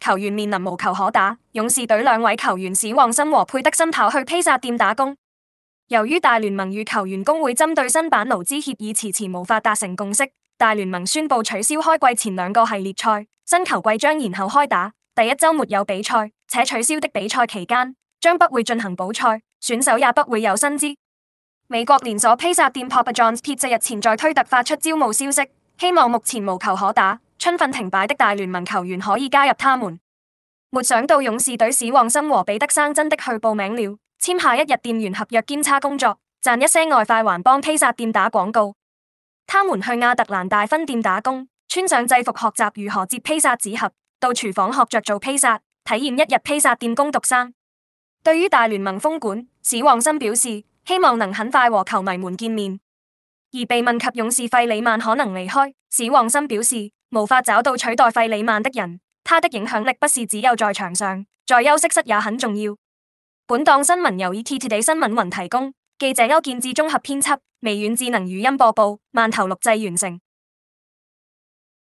球員面臨無球可打，勇士隊兩位球員史旺森和佩德森跑去披薩店打工。由於大聯盟與球員工會針對新版勞資協議遲遲無法達成共識，大聯盟宣佈取消開季前兩個系列賽，新球季將延後開打。第一週沒有比賽，且取消的比賽期間將不會進行補賽，選手也不會有薪資。美國連鎖披薩店 Papa John's Pizza 日前在推特發出招募消息，希望目前無球可打，春訓停擺的大聯盟球員可以加入他們。沒想到勇士隊史旺森和彼得生真的去報名了，簽下一日店員合約兼差工作，賺一些外快，還幫披薩店打廣告。他們去亞特蘭大分店打工，穿上制服學習如何接披薩紙盒，到廚房學着做披薩，體驗一日披薩店工讀生。對於大聯盟封館史旺森表示，希望能很快和球迷們見面。而被問及勇士費里曼可能離開，史旺森表示。無法找到取代費里曼的人，他的影響力不是只有在場上，在休息室也很重要。本檔新聞由 ETtoday 新聞雲提供，記者歐建智綜合編輯，微軟智能語音播報，曼頭錄製完成。